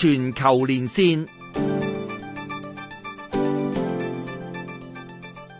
全球連線，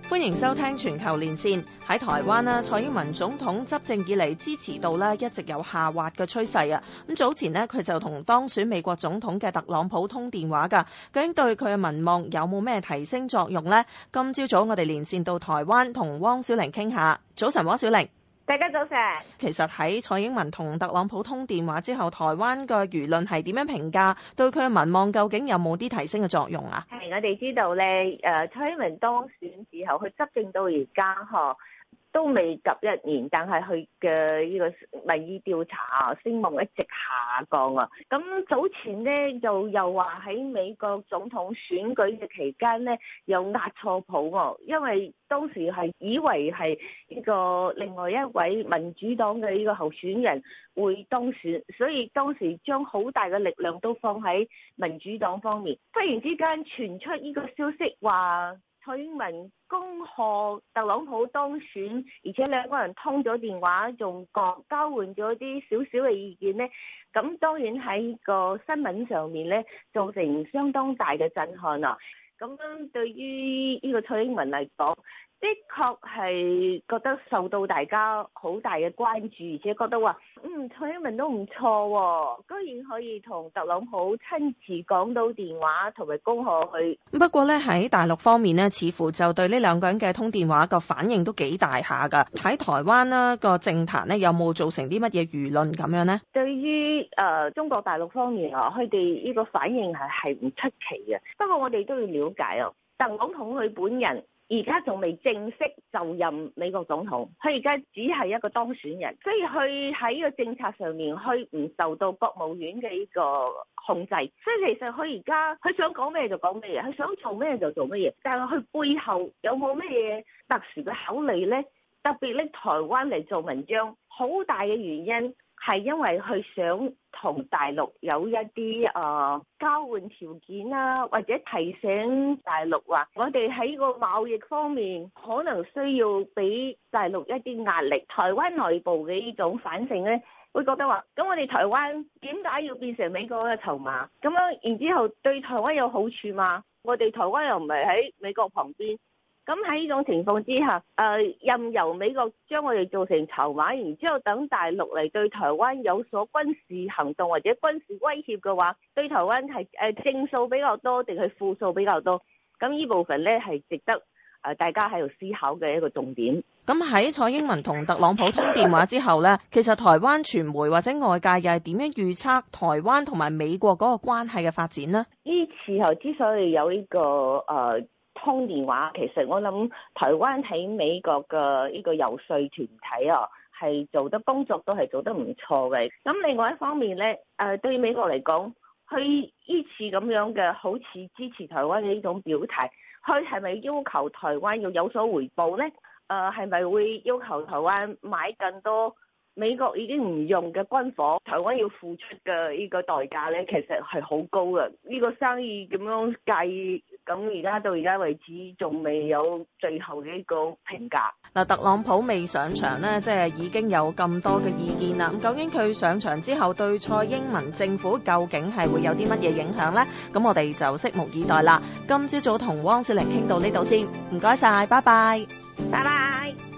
歡迎收聽全球連線。喺台灣呢，蔡英文總統執政以嚟，支持度呢一直有下滑嘅趨勢啊。咁早前咧，佢就同當選美國總統嘅特朗普通電話噶，究竟對佢嘅民望有冇咩提升作用呢？今朝早我哋連線到台灣，同汪小玲傾下。早晨，汪小玲。大家早晨。其實喺蔡英文同特朗普通電話之後，台灣嘅輿論係點樣評價？對佢嘅民望究竟有冇啲提升嘅作用啊？係，我哋知道咧，誒，蔡英文當選之後佢執政到而家嗬。都未及一年，但係佢嘅呢個民意調查聲望一直下降啊！咁早前呢，就又又話喺美國總統選舉嘅期間呢，又押錯譜，因為當時係以為係呢個另外一位民主黨嘅呢個候選人會當選，所以當時將好大嘅力量都放喺民主黨方面。忽然之間傳出呢個消息話，蔡英文恭賀特朗普當選，而且兩個人通咗電話，仲交交換咗啲少少嘅意見呢，咁當然喺個新聞上面呢，造成相當大嘅震撼啊！咁對於呢個蔡英文嚟講，的確係覺得受到大家好大嘅關注，而且覺得話，嗯，蔡英文都唔錯，居然可以同特朗普親自講到電話和公，同埋恭賀佢不過咧喺大陸方面呢，似乎就對呢兩個人嘅通電話的反的的有有、呃、個反應都幾大下噶。喺台灣啦個政壇呢，有冇造成啲乜嘢輿論咁樣呢？對於誒中國大陸方面啊，佢哋呢個反應係係唔出奇嘅。不過我哋都要了解啊，特朗普佢本人。而家仲未正式就任美國總統，佢而家只係一個當選人，所以佢喺個政策上面，佢唔受到國務院嘅呢個控制，所以其實佢，佢而家佢想講咩就講咩，佢想做咩就做乜嘢，但係，佢背後有冇咩嘢特殊嘅考慮咧？特別拎台灣嚟做文章，好大嘅原因。係因為佢想同大陸有一啲誒交換條件啦，或者提醒大陸啊，我哋喺個貿易方面可能需要俾大陸一啲壓力。台灣內部嘅呢種反省呢，會覺得話：「咁我哋台灣點解要變成美國嘅籌碼？」咁樣然之後對台灣有好處嘛？我哋台灣又唔係喺美國旁邊。咁喺呢種情況之下，誒、呃、任由美國將我哋做成籌碼，然之後等大陸嚟對台灣有所軍事行動或者軍事威脅嘅話，對台灣係誒、呃、正數比較多定係負數比較多？咁呢部分呢係值得、呃、大家喺度思考嘅一個重點。咁喺蔡英文同特朗普通電話之後呢，其實台灣傳媒或者外界又係點樣預測台灣同埋美國嗰個關係嘅發展呢？呢次後之所以有呢個誒。呃通電話，其實我諗台灣喺美國嘅呢個遊說團體啊，係做得工作都係做得唔錯嘅。咁另外一方面呢，誒對於美國嚟講，佢依次咁樣嘅好似支持台灣嘅呢種表態，佢係咪要求台灣要有所回報呢？誒係咪會要求台灣買更多？美國已經唔用嘅軍火，台灣要付出嘅呢個代價呢，其實係好高嘅。呢個生意咁樣計，咁而家到而家為止仲未有最後嘅一個評價。嗱、啊，特朗普未上場呢，即係已經有咁多嘅意見啦。咁究竟佢上場之後對蔡英文政府究竟係會有啲乜嘢影響呢？咁我哋就拭目以待啦。今朝早同汪小玲傾到呢度先，唔該晒，拜拜，拜拜。